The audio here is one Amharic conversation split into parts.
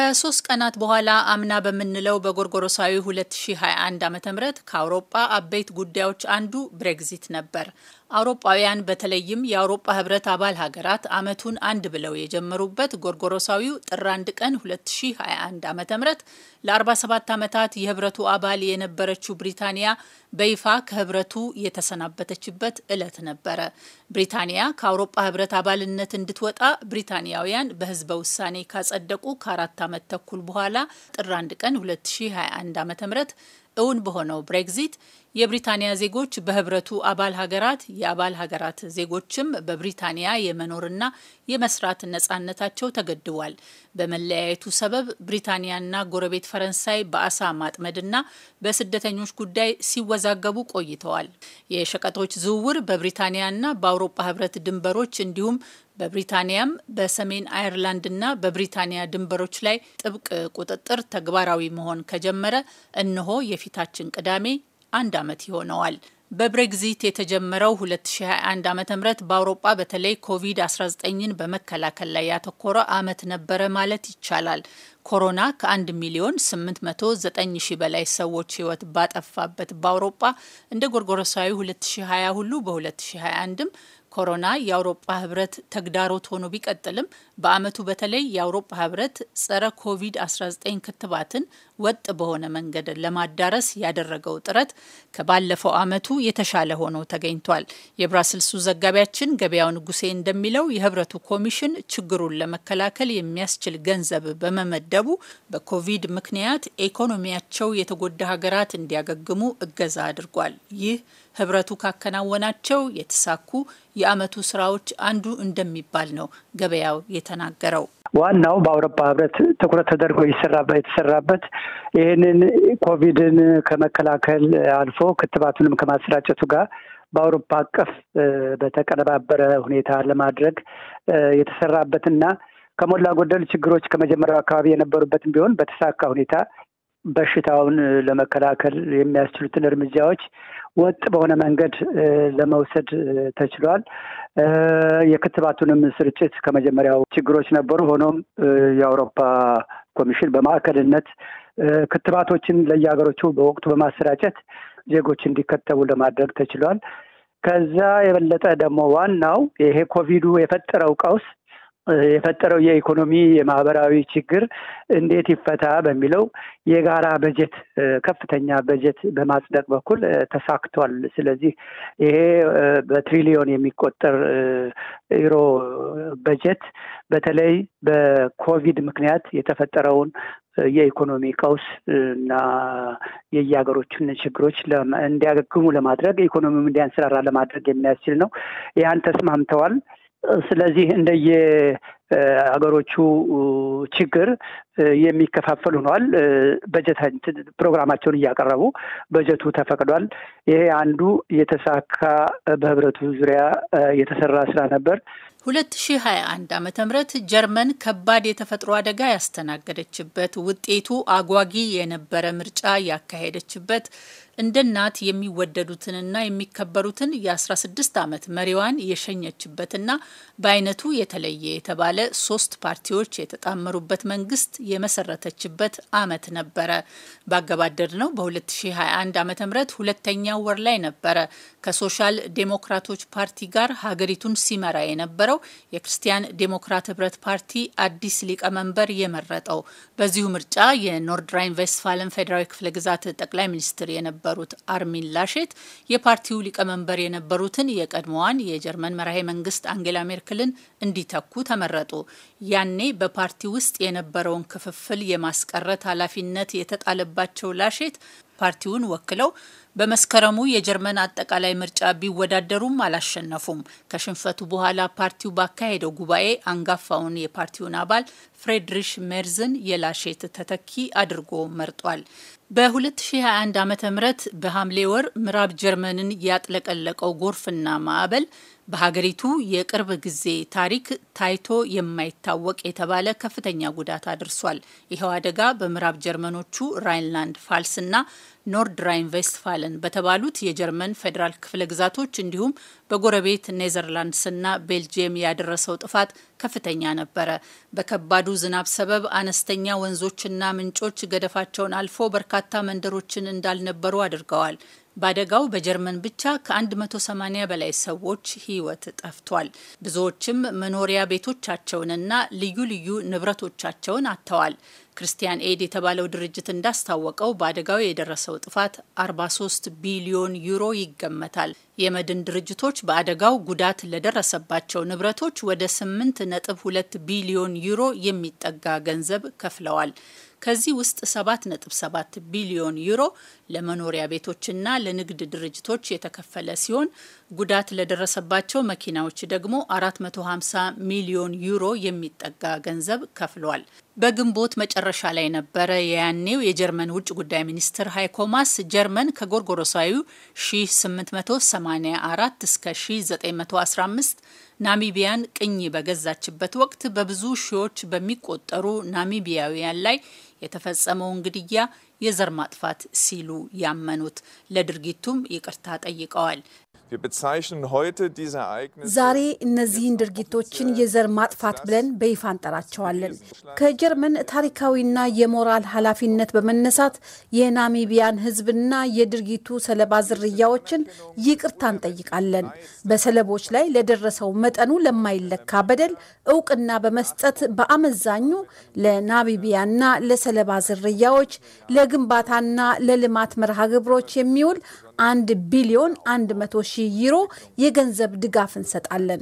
ከሶስት ቀናት በኋላ አምና በምንለው በጎርጎሮሳዊ 2021 ዓ ም ከአውሮጳ አበይት ጉዳዮች አንዱ ብሬግዚት ነበር። አውሮፓውያን በተለይም የአውሮፓ ህብረት አባል ሀገራት አመቱን አንድ ብለው የጀመሩበት ጎርጎሮሳዊው ጥር አንድ ቀን 2021 ዓ ም ለ47 ዓመታት የህብረቱ አባል የነበረችው ብሪታንያ በይፋ ከህብረቱ የተሰናበተችበት ዕለት ነበረ። ብሪታንያ ከአውሮፓ ህብረት አባልነት እንድትወጣ ብሪታንያውያን በህዝበ ውሳኔ ካጸደቁ ከአራት ዓመት ተኩል በኋላ ጥር አንድ ቀን 2021 ዓ ም እውን በሆነው ብሬግዚት የብሪታንያ ዜጎች በህብረቱ አባል ሀገራት የአባል ሀገራት ዜጎችም በብሪታንያ የመኖርና የመስራት ነጻነታቸው ተገድቧል። በመለያየቱ ሰበብ ብሪታንያና ጎረቤት ፈረንሳይ በአሳ ማጥመድና በስደተኞች ጉዳይ ሲወዛገቡ ቆይተዋል። የሸቀጦች ዝውውር በብሪታንያና በአውሮፓ ህብረት ድንበሮች እንዲሁም በብሪታንያም በሰሜን አየርላንድና በብሪታንያ ድንበሮች ላይ ጥብቅ ቁጥጥር ተግባራዊ መሆን ከጀመረ እነሆ የፊታችን ቅዳሜ አንድ ዓመት ይሆነዋል። በብሬግዚት የተጀመረው 2021 ዓ ም በአውሮጳ በተለይ ኮቪድ-19ን በመከላከል ላይ ያተኮረ ዓመት ነበረ ማለት ይቻላል። ኮሮና ከ1 ሚሊዮን 809 ሺ በላይ ሰዎች ህይወት ባጠፋበት በአውሮጳ እንደ ጎርጎረሳዊ 2020 ሁሉ በ2021ም ኮሮና የአውሮፓ ህብረት ተግዳሮት ሆኖ ቢቀጥልም በአመቱ በተለይ የአውሮፓ ህብረት ጸረ ኮቪድ-19 ክትባትን ወጥ በሆነ መንገድ ለማዳረስ ያደረገው ጥረት ከባለፈው አመቱ የተሻለ ሆኖ ተገኝቷል። የብራስልሱ ዘጋቢያችን ገበያው ንጉሴ እንደሚለው የህብረቱ ኮሚሽን ችግሩን ለመከላከል የሚያስችል ገንዘብ በመመደ እንዲመደቡ፣ በኮቪድ ምክንያት ኢኮኖሚያቸው የተጎዳ ሀገራት እንዲያገግሙ እገዛ አድርጓል። ይህ ህብረቱ ካከናወናቸው የተሳኩ የአመቱ ስራዎች አንዱ እንደሚባል ነው ገበያው የተናገረው። ዋናው በአውሮፓ ህብረት ትኩረት ተደርጎ የተሰራበት ይህንን ኮቪድን ከመከላከል አልፎ ክትባቱንም ከማሰራጨቱ ጋር በአውሮፓ አቀፍ በተቀነባበረ ሁኔታ ለማድረግ የተሰራበትና ከሞላ ጎደል ችግሮች ከመጀመሪያው አካባቢ የነበሩበትም ቢሆን በተሳካ ሁኔታ በሽታውን ለመከላከል የሚያስችሉትን እርምጃዎች ወጥ በሆነ መንገድ ለመውሰድ ተችሏል። የክትባቱንም ስርጭት ከመጀመሪያው ችግሮች ነበሩ። ሆኖም የአውሮፓ ኮሚሽን በማዕከልነት ክትባቶችን ለየሀገሮቹ በወቅቱ በማሰራጨት ዜጎች እንዲከተቡ ለማድረግ ተችሏል። ከዛ የበለጠ ደግሞ ዋናው ይሄ ኮቪዱ የፈጠረው ቀውስ የፈጠረው የኢኮኖሚ የማህበራዊ ችግር እንዴት ይፈታ በሚለው የጋራ በጀት ከፍተኛ በጀት በማጽደቅ በኩል ተሳክቷል። ስለዚህ ይሄ በትሪሊዮን የሚቆጠር ዩሮ በጀት በተለይ በኮቪድ ምክንያት የተፈጠረውን የኢኮኖሚ ቀውስ እና የየሀገሮችን ችግሮች እንዲያገግሙ ለማድረግ ኢኮኖሚውም እንዲያንሰራራ ለማድረግ የሚያስችል ነው። ያን ተስማምተዋል። ስለዚህ እንደየ አገሮቹ ችግር የሚከፋፈል ሆነዋል። በጀት ፕሮግራማቸውን እያቀረቡ በጀቱ ተፈቅዷል። ይሄ አንዱ የተሳካ በህብረቱ ዙሪያ የተሰራ ስራ ነበር። 2021 ዓ ም ጀርመን ከባድ የተፈጥሮ አደጋ ያስተናገደችበት ውጤቱ አጓጊ የነበረ ምርጫ ያካሄደችበት እንደ እናት የሚወደዱትንና የሚከበሩትን የ16 ዓመት መሪዋን የሸኘችበትና በአይነቱ የተለየ የተባለ ሶስት ፓርቲዎች የተጣመሩበት መንግስት የመሰረተችበት አመት ነበረ። ባገባደድ ነው በ2021 ዓ ም ሁለተኛው ወር ላይ ነበረ ከሶሻል ዴሞክራቶች ፓርቲ ጋር ሀገሪቱን ሲመራ የነበረው የክርስቲያን ዴሞክራት ህብረት ፓርቲ አዲስ ሊቀመንበር የመረጠው። በዚሁ ምርጫ የኖርድራይን ራይን ቬስትፋለን ፌዴራዊ ክፍለ ግዛት ጠቅላይ ሚኒስትር የነበሩት አርሚን ላሼት የፓርቲው ሊቀመንበር የነበሩትን የቀድሞዋን የጀርመን መራሄ መንግስት አንጌላ ሜርክልን እንዲተኩ ተመረጡ። ያኔ በፓርቲ ውስጥ የነበረውን ክፍፍል የማስቀረት ኃላፊነት የተጣለባቸው ላሼት ፓርቲውን ወክለው በመስከረሙ የጀርመን አጠቃላይ ምርጫ ቢወዳደሩም አላሸነፉም። ከሽንፈቱ በኋላ ፓርቲው ባካሄደው ጉባኤ አንጋፋውን የፓርቲውን አባል ፍሬድሪሽ ሜርዝን የላሼት ተተኪ አድርጎ መርጧል። በ2021 ዓ ም በሐምሌ ወር ምዕራብ ጀርመንን ያጥለቀለቀው ጎርፍና ማዕበል በሀገሪቱ የቅርብ ጊዜ ታሪክ ታይቶ የማይታወቅ የተባለ ከፍተኛ ጉዳት አድርሷል። ይኸው አደጋ በምዕራብ ጀርመኖቹ ራይንላንድ ፋልስና ኖርድ ራይን ቬስትፋለን በተባሉት የጀርመን ፌዴራል ክፍለ ግዛቶች እንዲሁም በጎረቤት ኔዘርላንድስና ቤልጅየም ያደረሰው ጥፋት ከፍተኛ ነበረ። በከባዱ ዝናብ ሰበብ አነስተኛ ወንዞችና ምንጮች ገደፋቸውን አልፎ በርካታ መንደሮችን እንዳልነበሩ አድርገዋል። በአደጋው በጀርመን ብቻ ከ180 በላይ ሰዎች ሕይወት ጠፍቷል። ብዙዎችም መኖሪያ ቤቶቻቸውንና ልዩ ልዩ ንብረቶቻቸውን አጥተዋል። ክርስቲያን ኤድ የተባለው ድርጅት እንዳስታወቀው በአደጋው የደረሰው ጥፋት 43 ቢሊዮን ዩሮ ይገመታል። የመድን ድርጅቶች በአደጋው ጉዳት ለደረሰባቸው ንብረቶች ወደ 8.2 ቢሊዮን ዩሮ የሚጠጋ ገንዘብ ከፍለዋል። ከዚህ ውስጥ 7.7 ቢሊዮን ዩሮ ለመኖሪያ ቤቶችና ለንግድ ድርጅቶች የተከፈለ ሲሆን ጉዳት ለደረሰባቸው መኪናዎች ደግሞ 450 ሚሊዮን ዩሮ የሚጠጋ ገንዘብ ከፍሏል። በግንቦት መጨረሻ ላይ ነበረ የያኔው የጀርመን ውጭ ጉዳይ ሚኒስትር ሃይኮ ማስ ጀርመን ከጎርጎሮሳዊው 1884 እስከ 1915 ናሚቢያን ቅኝ በገዛችበት ወቅት በብዙ ሺዎች በሚቆጠሩ ናሚቢያውያን ላይ የተፈጸመውን ግድያ የዘር ማጥፋት ሲሉ ያመኑት ለድርጊቱም ይቅርታ ጠይቀዋል። ዛሬ እነዚህን ድርጊቶችን የዘር ማጥፋት ብለን በይፋ እንጠራቸዋለን። ከጀርመን ታሪካዊና የሞራል ኃላፊነት በመነሳት የናሚቢያን ሕዝብና የድርጊቱ ሰለባ ዝርያዎችን ይቅርታ እንጠይቃለን። በሰለቦች ላይ ለደረሰው መጠኑ ለማይለካ በደል እውቅና በመስጠት በአመዛኙ ለናሚቢያና ለሰለባ ዝርያዎች ለግንባታና ለልማት መርሃ ግብሮች የሚውል አንድ ቢሊዮን አንድ መቶ ሺህ ዩሮ የገንዘብ ድጋፍ እንሰጣለን።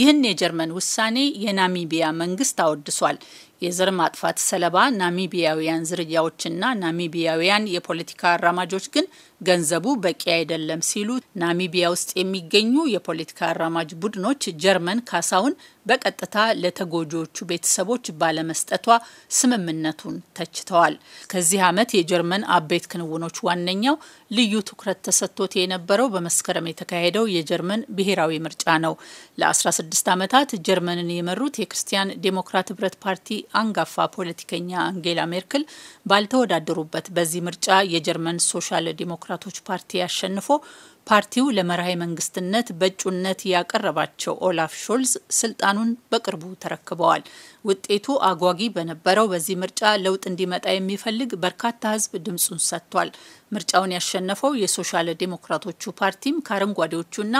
ይህን የጀርመን ውሳኔ የናሚቢያ መንግስት አወድሷል። የዘር ማጥፋት ሰለባ ናሚቢያውያን ዝርያዎችና ናሚቢያውያን የፖለቲካ አራማጆች ግን ገንዘቡ በቂ አይደለም ሲሉ ናሚቢያ ውስጥ የሚገኙ የፖለቲካ አራማጅ ቡድኖች ጀርመን ካሳውን በቀጥታ ለተጎጂዎቹ ቤተሰቦች ባለመስጠቷ ስምምነቱን ተችተዋል። ከዚህ ዓመት የጀርመን አበይት ክንውኖች ዋነኛው ልዩ ትኩረት ተሰጥቶት የነበረው በመስከረም የተካሄደው የጀርመን ብሔራዊ ምርጫ ነው። ለ16 ዓመታት ጀርመንን የመሩት የክርስቲያን ዴሞክራት ህብረት ፓርቲ አንጋፋ ፖለቲከኛ አንጌላ ሜርክል ባልተወዳደሩበት በዚህ ምርጫ የጀርመን ሶሻል ዲሞክራቶች ፓርቲ አሸንፎ ፓርቲው ለመርሃይ መንግስትነት በእጩነት ያቀረባቸው ኦላፍ ሾልዝ ስልጣኑን በቅርቡ ተረክበዋል። ውጤቱ አጓጊ በነበረው በዚህ ምርጫ ለውጥ እንዲመጣ የሚፈልግ በርካታ ሕዝብ ድምፁን ሰጥቷል። ምርጫውን ያሸነፈው የሶሻል ዴሞክራቶቹ ፓርቲም ከአረንጓዴዎቹና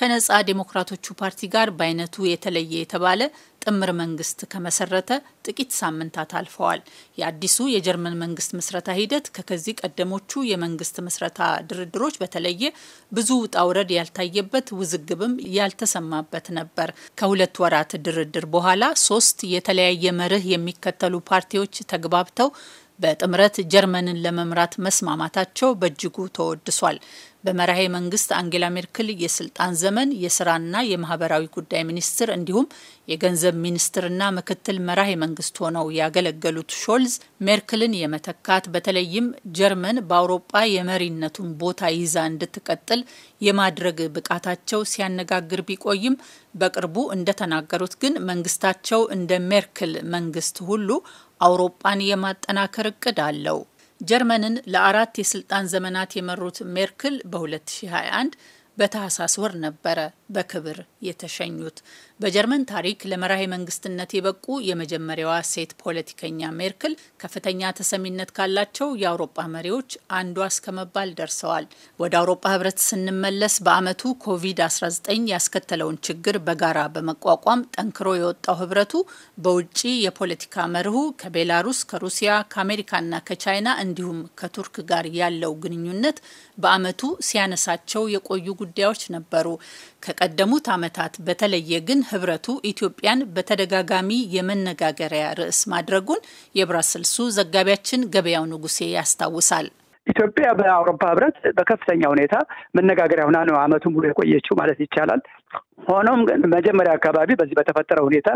ከነጻ ዴሞክራቶቹ ፓርቲ ጋር በአይነቱ የተለየ የተባለ ጥምር መንግስት ከመሰረተ ጥቂት ሳምንታት አልፈዋል። የአዲሱ የጀርመን መንግስት ምስረታ ሂደት ከከዚህ ቀደሞቹ የመንግስት ምስረታ ድርድሮች በተለየ ብዙ ውጣ ውረድ ያልታየበት ውዝግብም ያልተሰማበት ነበር። ከሁለት ወራት ድርድር በኋላ ሶስት የተለያየ መርህ የሚከተሉ ፓርቲዎች ተግባብተው በጥምረት ጀርመንን ለመምራት መስማማታቸው በእጅጉ ተወድሷል። በመራሄ መንግስት አንጌላ ሜርክል የስልጣን ዘመን የስራና የማህበራዊ ጉዳይ ሚኒስትር እንዲሁም የገንዘብ ሚኒስትርና ምክትል መራሄ መንግስት ሆነው ያገለገሉት ሾልዝ ሜርክልን የመተካት በተለይም ጀርመን በአውሮጳ የመሪነቱን ቦታ ይዛ እንድትቀጥል የማድረግ ብቃታቸው ሲያነጋግር ቢቆይም በቅርቡ እንደተናገሩት ግን መንግስታቸው እንደ ሜርክል መንግስት ሁሉ አውሮጳን የማጠናከር እቅድ አለው። ጀርመንን ለአራት የስልጣን ዘመናት የመሩት ሜርክል በ2021 በታህሳስ ወር ነበረ በክብር የተሸኙት። በጀርመን ታሪክ ለመራሄ መንግስትነት የበቁ የመጀመሪያዋ ሴት ፖለቲከኛ ሜርክል ከፍተኛ ተሰሚነት ካላቸው የአውሮፓ መሪዎች አንዷ እስከመባል ደርሰዋል። ወደ አውሮጳ ህብረት ስንመለስ በአመቱ ኮቪድ-19 ያስከተለውን ችግር በጋራ በመቋቋም ጠንክሮ የወጣው ህብረቱ በውጭ የፖለቲካ መርሁ ከቤላሩስ፣ ከሩሲያ፣ ከአሜሪካና ከቻይና እንዲሁም ከቱርክ ጋር ያለው ግንኙነት በአመቱ ሲያነሳቸው የቆዩ ጉዳዮች ነበሩ። ከቀደሙት አመታት በተለየ ግን ህብረቱ ኢትዮጵያን በተደጋጋሚ የመነጋገሪያ ርዕስ ማድረጉን የብራስልሱ ዘጋቢያችን ገበያው ንጉሴ ያስታውሳል። ኢትዮጵያ በአውሮፓ ህብረት በከፍተኛ ሁኔታ መነጋገሪያ ሆና ነው አመቱን ሙሉ የቆየችው ማለት ይቻላል። ሆኖም ግን መጀመሪያ አካባቢ በዚህ በተፈጠረ ሁኔታ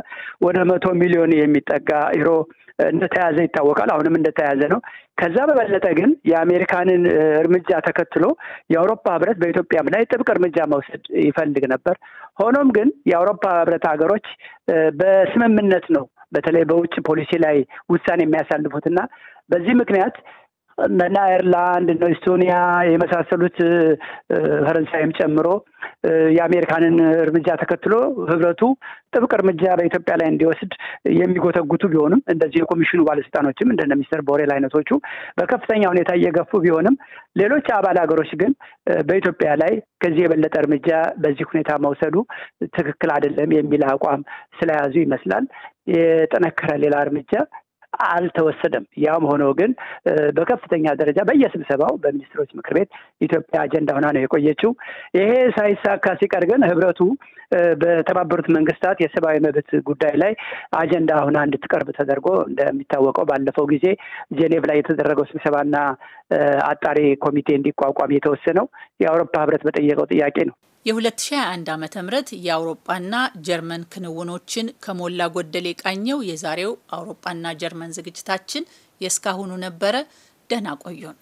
ወደ መቶ ሚሊዮን የሚጠጋ ዩሮ እንደተያዘ ይታወቃል። አሁንም እንደተያዘ ነው። ከዛ በበለጠ ግን የአሜሪካንን እርምጃ ተከትሎ የአውሮፓ ህብረት በኢትዮጵያም ላይ ጥብቅ እርምጃ መውሰድ ይፈልግ ነበር። ሆኖም ግን የአውሮፓ ህብረት ሀገሮች በስምምነት ነው በተለይ በውጭ ፖሊሲ ላይ ውሳኔ የሚያሳልፉትና በዚህ ምክንያት እነ አየርላንድ እነ ኢስቶኒያ የመሳሰሉት ፈረንሳይም ጨምሮ የአሜሪካንን እርምጃ ተከትሎ ህብረቱ ጥብቅ እርምጃ በኢትዮጵያ ላይ እንዲወስድ የሚጎተጉቱ ቢሆንም እንደዚህ የኮሚሽኑ ባለስልጣኖችም እንደነ ሚስተር ቦሬል አይነቶቹ በከፍተኛ ሁኔታ እየገፉ ቢሆንም ሌሎች አባል ሀገሮች ግን በኢትዮጵያ ላይ ከዚህ የበለጠ እርምጃ በዚህ ሁኔታ መውሰዱ ትክክል አይደለም የሚል አቋም ስለያዙ ይመስላል የጠነከረ ሌላ እርምጃ አልተወሰደም። ያም ሆኖ ግን በከፍተኛ ደረጃ በየስብሰባው በሚኒስትሮች ምክር ቤት ኢትዮጵያ አጀንዳ ሆና ነው የቆየችው። ይሄ ሳይሳካ ሲቀር ግን ህብረቱ በተባበሩት መንግስታት የሰብአዊ መብት ጉዳይ ላይ አጀንዳ ሆና እንድትቀርብ ተደርጎ እንደሚታወቀው ባለፈው ጊዜ ጄኔቭ ላይ የተደረገው ስብሰባና አጣሪ ኮሚቴ እንዲቋቋም የተወሰነው የአውሮፓ ህብረት በጠየቀው ጥያቄ ነው። የ2021 ዓ ም የአውሮጳና ጀርመን ክንውኖችን ከሞላ ጎደል የቃኘው የዛሬው አውሮጳና ጀርመን ዝግጅታችን የእስካሁኑ ነበረ። ደህና ቆዩን።